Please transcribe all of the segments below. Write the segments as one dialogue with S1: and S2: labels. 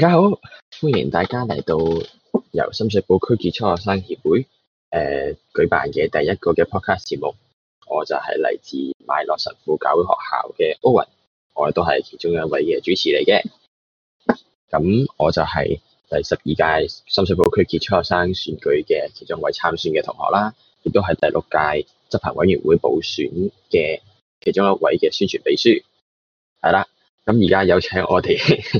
S1: 大家好，歡迎大家嚟到由深水埗區傑出學生協會誒、呃、舉辦嘅第一個嘅 podcast 節目。我就係嚟自麥樂神父教會學校嘅 Owen，我都係其中一位嘅主持嚟嘅。咁我就係第十二屆深水埗區傑出學生選舉嘅其中一位參選嘅同學啦，亦都係第六屆執行委員會補選嘅其中一位嘅宣傳秘書。係啦。咁而家有請我哋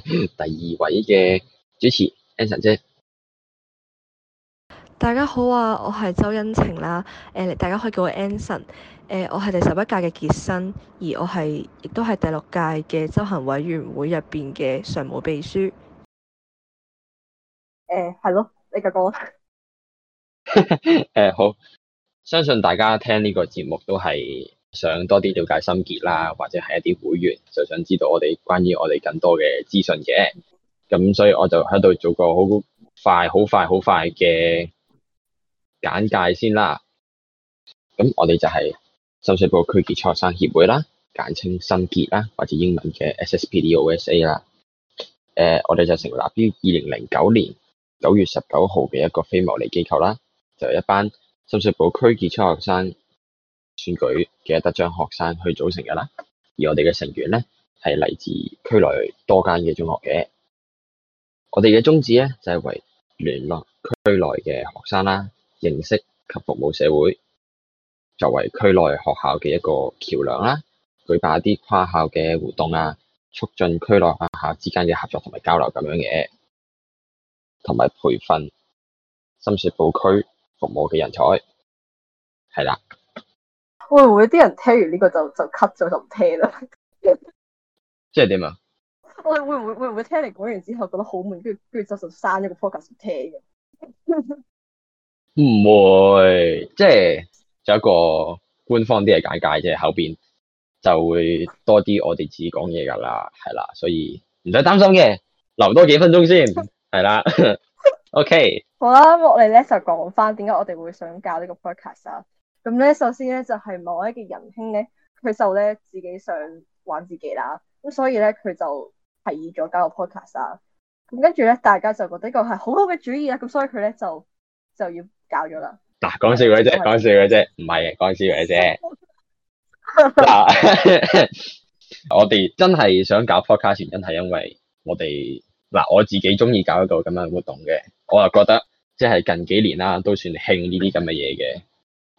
S1: 第二位嘅主持 Anson 姐。
S2: 大家好啊，我係周欣晴啦，誒、呃，大家可以叫我 Anson，誒、呃，我係第十一屆嘅傑生，而我係亦都係第六屆嘅執行委員會入邊嘅常務秘書。誒、呃，係咯，你嘅講
S1: 啦。誒、 呃，好，相信大家聽呢個節目都係。想多啲了解深傑啦，或者係一啲會員就想知道我哋關於我哋更多嘅資訊嘅，咁所以我就喺度做個好快、好快、好快嘅簡介先啦。咁我哋就係深水埗區傑出學生協會啦，簡稱深傑啦，或者英文嘅 SSPDOSA 啦。誒、呃，我哋就成立於二零零九年九月十九號嘅一個非牟利機構啦，就係一班深水埗區傑出學生。選舉嘅得獎學生去組成嘅啦，而我哋嘅成員咧係嚟自區內多間嘅中學嘅。我哋嘅宗旨咧就係為聯絡區內嘅學生啦、啊，認識及服務社會，作為區內學校嘅一個橋梁啦，舉辦一啲跨校嘅活動啊，促進區內學校之間嘅合作同埋交流咁樣嘅，同埋培訓深水埗區服務嘅人才係
S2: 啦。會唔會啲人聽完呢個就就 cut 咗就唔聽啦？
S1: 即係點啊？
S2: 我哋會唔會會唔會聽你講完之後覺得好悶，跟住跟住之後刪咗個 podcast？唔
S1: 會，即係有一個官方啲嘅簡介啫，後邊就會多啲我哋自己講嘢噶啦，係啦，所以唔使擔心嘅，留多幾分鐘先，係啦 ，OK。
S2: 好啦，我哋呢就講翻點解我哋會想搞呢個 podcast 啊。咁咧，首先咧就係、是、某一位仁兄咧，佢就咧自己想玩自己啦，咁所以咧佢就提議咗搞個 podcast 啊。咁跟住咧，大家就覺得呢個係好好嘅主意啊，咁所以佢咧就就要搞咗啦。
S1: 嗱、啊，講笑嘅啫，講、就是、笑嘅啫，唔係嘅，講笑嘅啫。嗱、 啊， 我哋真係想搞 podcast，原因係因為我哋嗱、啊、我自己中意搞一個咁樣嘅活動嘅，我啊覺得即係、就是、近幾年啦，都算興呢啲咁嘅嘢嘅。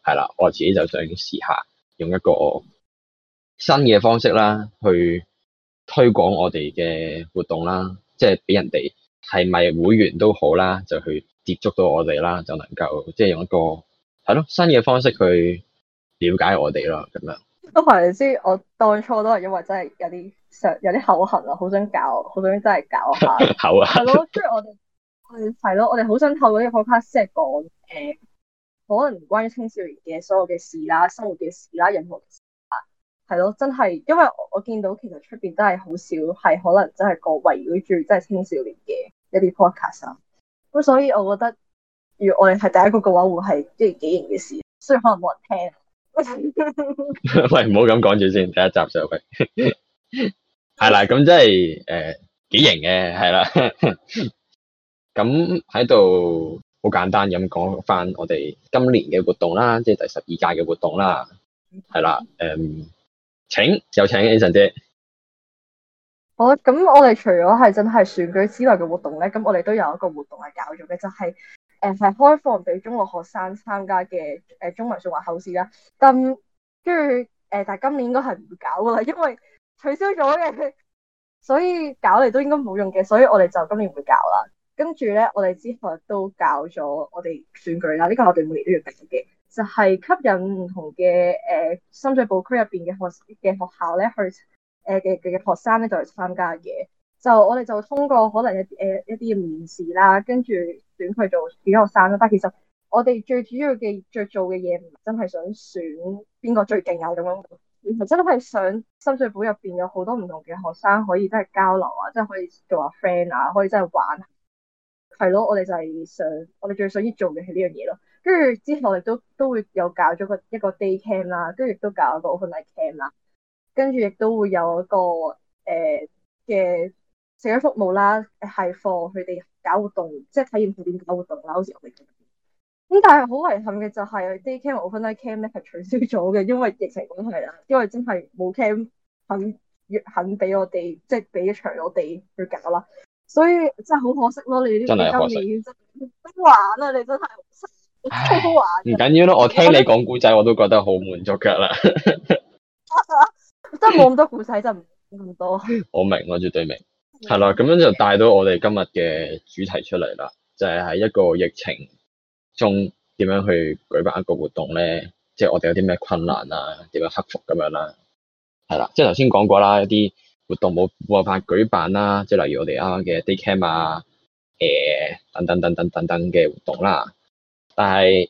S1: 係啦，我自己就想試下用一個新嘅方式啦，去推廣我哋嘅活動啦，即係俾人哋係咪會員都好啦，就去接觸到我哋啦，就能夠即係用一個係咯新嘅方式去了解我哋咯，咁樣。
S2: 都係之我當初都係因為真係有啲想有啲口痕啊，好想搞，好想真係搞下口啊。係 咯，即係我哋我哋，係咯，我哋好想透過呢個 podcast 嚟講誒。可能關於青少年嘅所有嘅事啦、啊、生活嘅事啦、啊、任何嘅事啊，係咯，真係因為我，我見到其實出邊都係好少係可能真係個圍繞住真係青少年嘅一啲 podcast 咁，所以我覺得，如果我哋係第一個嘅話，會係即係幾型嘅事，雖然可能冇人聽。
S1: 喂，唔好咁講住先，第一集就係係啦，咁 真係誒幾型嘅，係、呃、啦，咁喺度。 好簡單咁講翻我哋今年嘅活動啦，即係第十二屆嘅活動啦，係、嗯、啦，誒、嗯，請有請 Anson 姐。
S2: 好，咁我哋除咗係真係選舉之類嘅活動咧，咁我哋都有一個活動係搞咗嘅，就係誒係開放俾中國學，學生參加嘅誒、呃、中文說話考試啦。跟住誒，但係、呃、今年應該係唔會搞噶啦，因為取消咗嘅，所以搞嚟,都應該冇用嘅，所以我哋就今年唔會搞啦。跟住咧，我哋之後都教咗我哋選舉啦。呢個我哋每年都要定嘅，就係吸引唔同嘅誒深水埗區入邊嘅學嘅學校咧，去誒嘅嘅學生咧，就嚟參加嘅。就我哋就通過可能一啲誒一啲面試啦，跟住選佢做表演學生啦。但係其實我哋最主要嘅最做嘅嘢，唔係真係想選邊個最勁啊咁樣的，係真係想深水埗入邊有好多唔同嘅學生可以真係交流啊，即係可以做下 friend 啊，可以真係玩啊。係咯，我哋就係想，我哋最想要做嘅係呢樣嘢咯。跟住之後，我哋都都會有搞咗個一個 day camp 啦，跟住亦都搞一個 overnight camp 啦。跟住亦都會有一個誒嘅社會服務啦，係放佢哋搞活動，即係體驗佢點搞活動啦。好似我哋咁，但係好遺憾嘅就係 day camp、overnight camp 咧係取消咗嘅，因為疫情咁係啦，因為真係冇 camp 肯越肯俾我哋，即係俾場我哋去搞啦。所以真係好可惜咯，你呢啲收尾真都玩啦，你
S1: 真係好玩。唔緊要咯，我聽你講古仔，我都覺得好滿足㗎啦。
S2: 真冇咁多故仔，真唔咁多。
S1: 我明，我絕對明。係 啦，咁樣就帶到我哋今日嘅主題出嚟啦，就係喺一個疫情中點樣去舉辦一個活動咧，即係我哋有啲咩困難啊，點樣克服咁樣啦。係啦，即係頭先講過啦，一啲。活動冇冇辦法舉辦啦，即係例如我哋啱啱嘅 day camp 啊，誒、欸、等等等等等等嘅活動啦，但係誒、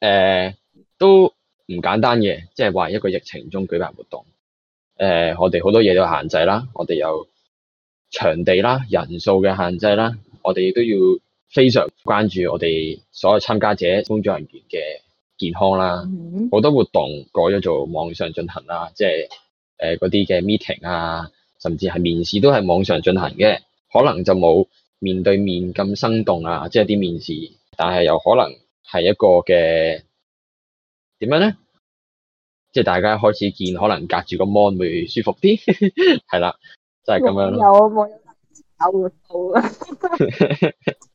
S1: 欸、都唔簡單嘅，即係話一個疫情中舉辦活動，誒、欸、我哋好多嘢都有限制啦，我哋有場地啦、人數嘅限制啦，我哋亦都要非常關注我哋所有參加者、工作人員嘅健康啦，好多活動改咗做網上進行啦，即係。誒、呃，嗰啲嘅 meeting 啊，甚至係面試都係網上進行嘅，可能就冇面對面咁生動啊，即係啲面試，但係又可能係一個嘅點樣咧？即係大家開始見，可能隔住個 mon 會舒服啲，係 啦，就係、是、咁樣咯。
S2: 有冇搞活動啊？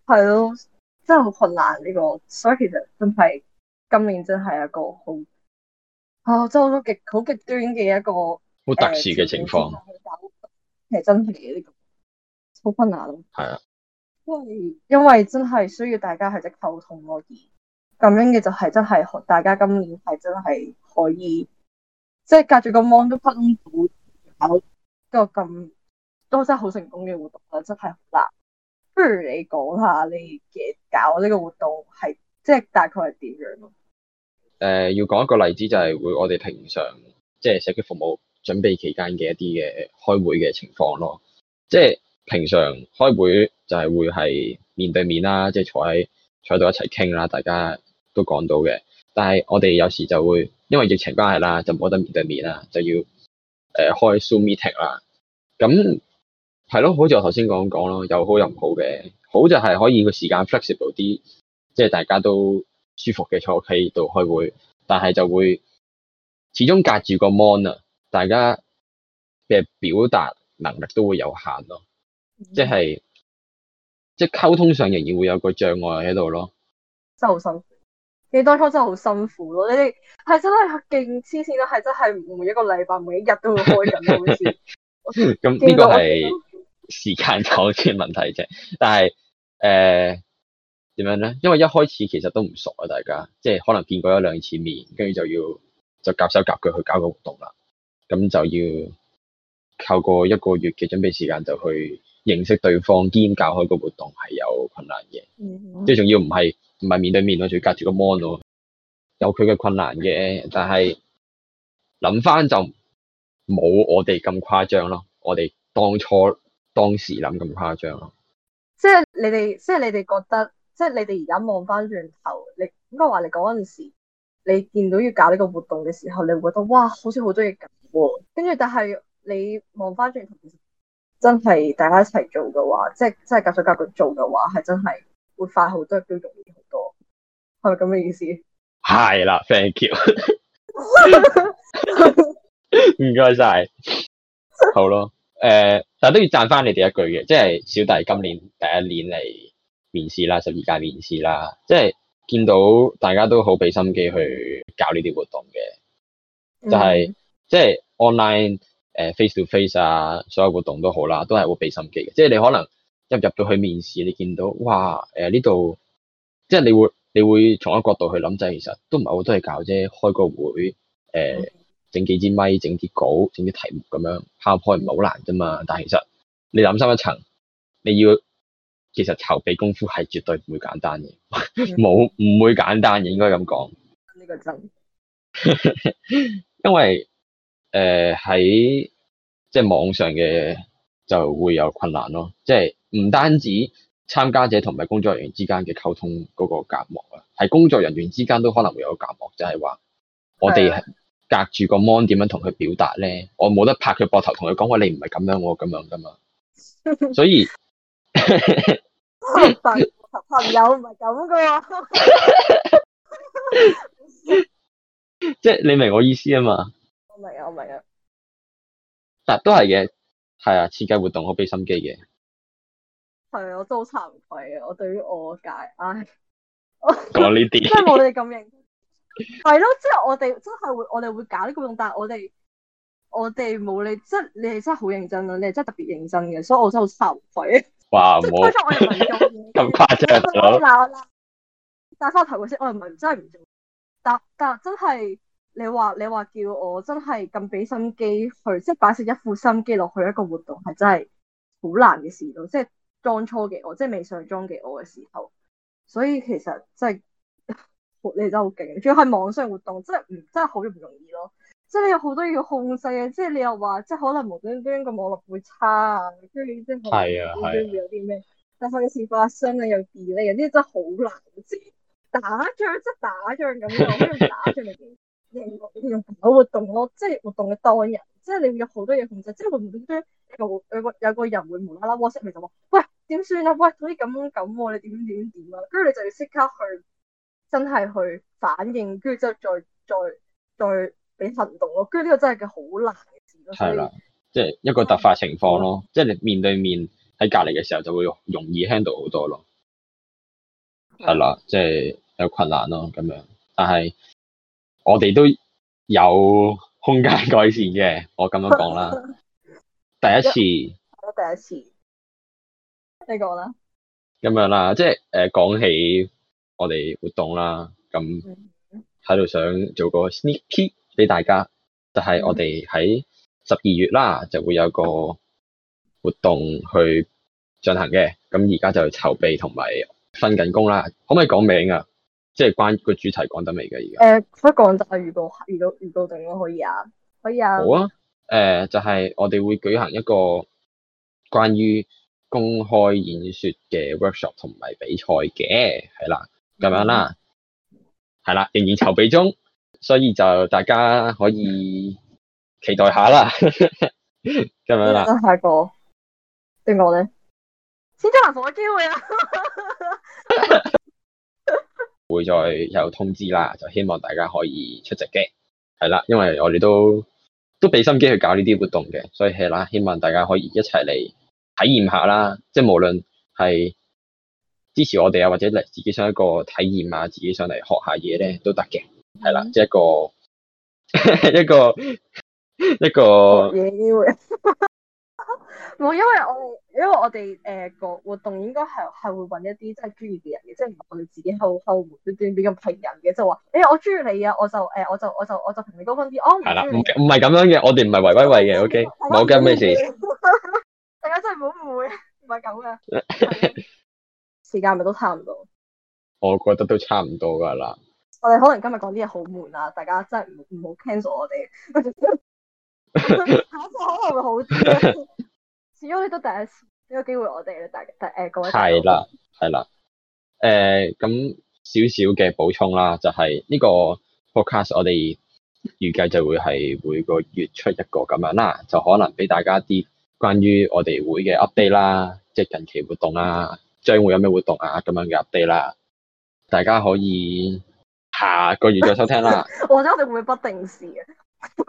S2: 係咯， 真係好困難呢、這個，所以其實真係今年真係一個好啊、哦，真係好多極好極端嘅一個。好特殊嘅情況，係、呃、真係呢、呢個好困難咯。係啊，因為因為真係需要大家係直接溝通咯，咁樣嘅就係真係大家今年係真係可以，即、就、係、是、隔住個網都溝通到搞個咁都真係好成功嘅活動啦，真係好難。不如你講下你嘅搞呢個活動係即係大概係點樣咯？
S1: 誒、呃，要講一個例子就係、是、會我哋平常即係、就是、社區服務。準備期間嘅一啲嘅開會嘅情況咯，即係平常開會就係會係面對面啦，即係坐喺坐度一齊傾啦，大家都講到嘅。但係我哋有時就會因為疫情關係啦，就冇得面對面啦，就要誒開 Zoom meeting 啦。咁係咯，好似我頭先講講咯，有好有唔好嘅。好就係可以個時間 flexible 啲，即係大家都舒服嘅坐喺度開會，但係就會始終隔住個 mon 啊。大家嘅表達能力都會有限咯，嗯、即係即係溝通上仍然會有個障礙喺度咯。真係好
S2: 辛苦，你當初真係好辛苦咯。你哋係真係勁黐線咯，係真係每一個禮拜每一日都會開
S1: 緊 好似像。咁呢個係時間久嘅問題啫。 但係誒點樣咧？因為一開始其實都唔熟啊，大家即係可能見過一兩次面，跟住就要就夾手夾腳去搞個活動啦。咁就要靠個一個月嘅準備時間就去認識對方，兼教開個活動係有困難嘅、嗯，即係仲要唔係唔係面對面咯，仲要隔住個 mon 咯，有佢嘅困難嘅。但係諗翻就冇我哋咁誇張咯。我哋當初當時諗咁誇張咯。
S2: 即係你哋，即係你哋覺得，即係你哋而家望翻轉頭，你應該話你講嗰陣時，你見到要搞呢個活動嘅時候，你會覺得哇，好似好多嘢搞。跟住，但係你望翻轉頭，其實真係大家一齊做嘅話，即係即係夾手夾腳做嘅話，係真係會快好多，都容易好多，係咪咁嘅意思？係
S1: 啦，thank you，唔該晒，好咯，誒、呃，但係都要讚翻你哋一句嘅，即係小弟今年第一年嚟面試啦，十二屆面試啦，即係見到大家都好俾心機去搞呢啲活動嘅，就係。嗯。即係 online、呃、face to face 啊，所有活動都好啦，都係會畀心機嘅。即係你可能一入到去面試，你見到哇呢度、呃，即係你會你會從一個角度去諗就係，其實都唔係好多嘢搞啫。開個會誒，整、呃、幾支咪，整啲稿，整啲題目咁樣考派唔係好難啫嘛。但係其實你諗深一層，你要其實籌備功夫係絕對唔會簡單嘅，冇、嗯、唔 會簡單嘅應該咁講。
S2: 呢個真，
S1: 因為誒、呃，喺即係網上嘅就會有困難咯，即係唔單止參加者同埋工作人員之間嘅溝通嗰個隔膜啊，喺工作人員之間都可能會有個隔膜，就係話我哋隔住個 mon 點樣同佢表達咧，我冇得拍佢膊頭同佢講話你唔係咁樣我、啊、咁樣噶嘛，所以
S2: 朋友唔係咁噶嘛，
S1: 即係你明我意思啊嘛。
S2: 係
S1: 啊，但都係嘅，係啊，設計活動好俾心機嘅。
S2: 係 啊，我都好慚愧啊！我對於我嘅解，唉、哎，講呢啲，即係冇你哋咁認真，係咯，即係我哋真係會，我哋會搞呢個用。但係我哋我哋冇你，即係你哋真係好認真啊。你哋真係特別認真嘅，所以我真係好慚愧。哇，
S1: 即係開初我又唔咁誇張啦。鬧
S2: 鬧，帶翻頭先，我又唔係真係唔做，但但真係。你話你話叫我真係咁俾心機去，即係擺一副心機落去一個活動，係真係好難嘅事咯。即係妝錯嘅我，即係未上裝嘅我嘅時候，所以其實真係你真係好勁。仲要係網上活動，係唔真係好唔容易咯。即係你有好多嘢要控制嘅，即係你又話，即係可能無端端個網絡會差是啊，跟住即係會有啲咩突發嘅事發生啊，又 delay，有啲真係好難。即打仗，即係打仗咁樣，打住 你用唔好活動咯，即係活動嘅當日，即係你會有好多嘢控制，即係會唔會有有個有個人會無啦啦 WhatsApp 出嚟就話：喂點算啊？喂嗰啲咁樣咁你點點點啊？跟住、啊、你就要即刻去真係去反應，跟住之後就再再再俾行動咯。跟住呢個真係嘅好難嘅事。係啦，即係、就
S1: 是、一個突發情況咯，即係你面對面喺隔籬嘅時候就會容易 handle 好多咯。係啦，即係、就是、有困難咯咁樣，但係。我哋都有空間改善嘅，我咁樣講啦。第一次，
S2: 我第一次，你講啦。
S1: 咁樣啦，即係誒講起我哋活動啦，咁喺度想做個 sneak peek 俾大家，就係我哋喺十二月啦就會有個活動去進行嘅，咁而家就去籌備同埋分緊工啦，可唔可以講名啊？即係關於個主題講得未嘅？而
S2: 家誒，所以講就係預告、預告、預告，告定咯，可以啊，可以啊。
S1: 好啊，誒、呃，就係、是、我哋會舉行一個關於公開演說嘅 workshop 同埋比賽嘅，係啦，咁樣啦，係、嗯、啦，仍然籌備中， 所以就大家可以期待下啦，咁 樣啦。
S2: 下一個，點講咧？先得還我機會啊！
S1: 會再有通知啦，就希望大家可以出席嘅，係啦，因為我哋都都俾心機去搞呢啲活動嘅，所以係啦，希望大家可以一齊嚟體驗下啦，即係無論係支持我哋啊，或者嚟自己想一個體驗啊，自己上嚟學下嘢咧都得嘅，係啦、即係， 一個一個
S2: 一個。 冇，因為我哋，因為我哋誒個活動應該係係會搵一啲真係中意嘅人嘅，即係唔係我哋自己好後門嗰比較平人嘅，就話誒、欸、我中意你啊，我就誒、呃、我就我就我就評你高分啲。哦，係啦，唔唔係咁
S1: 樣嘅，我哋唔係維維維嘅，OK，冇跟咩事。大家真係唔好誤
S2: 會，唔係咁噶。時間咪都差唔多。
S1: 我覺得都差唔多噶啦。
S2: 我哋可能今日講啲嘢好悶啊，大家真係唔好 cancel 我哋。下一次可能會好啲始終你都第一次俾、呢個機會我哋咧，大、
S1: 大、呃、各位大。係啦，係啦。誒咁少少嘅補充啦，就係、係、呢個 podcast，我哋預計就會係每個月出一個咁樣啦，就可能俾大家啲關於我哋會嘅 update 啦，即係近期活動啦，將會有咩活動啊咁樣嘅 update 啦，大家可以下個月再收聽啦。
S2: 或 者我哋會，會不定時
S1: 啊？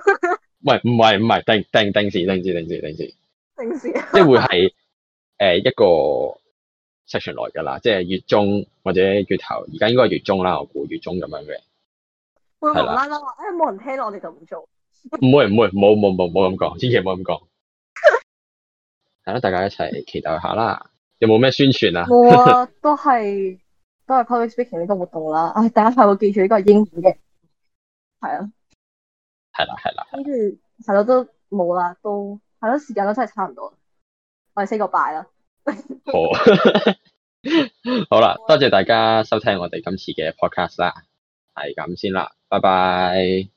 S1: 喂，唔係唔係定定定時定時定時定時。定時定時定時定時平時、啊、即係會係誒、呃、一個 section 來噶啦，即係月中或者月頭，而家應該係月中，月中啦。我估月中咁樣嘅，會無啦啦
S2: 誒，冇人聽我哋就唔做。
S1: 唔會唔會，冇冇冇冇咁講，千祈唔好咁講。係 啦，大家一齊期待下啦。有冇咩宣傳啊？冇、啊、
S2: 都係 都係 public speaking 呢個活動啦。唉，大家快會記住呢個係英語嘅，係啊，係啦係啦。跟住係咯，都冇啦，都。係咯，時間都真係差唔多了，我哋 say 個拜啦。好，
S1: 好啦，多謝大家收聽我哋今次嘅 podcast 啦，係咁先啦，拜拜。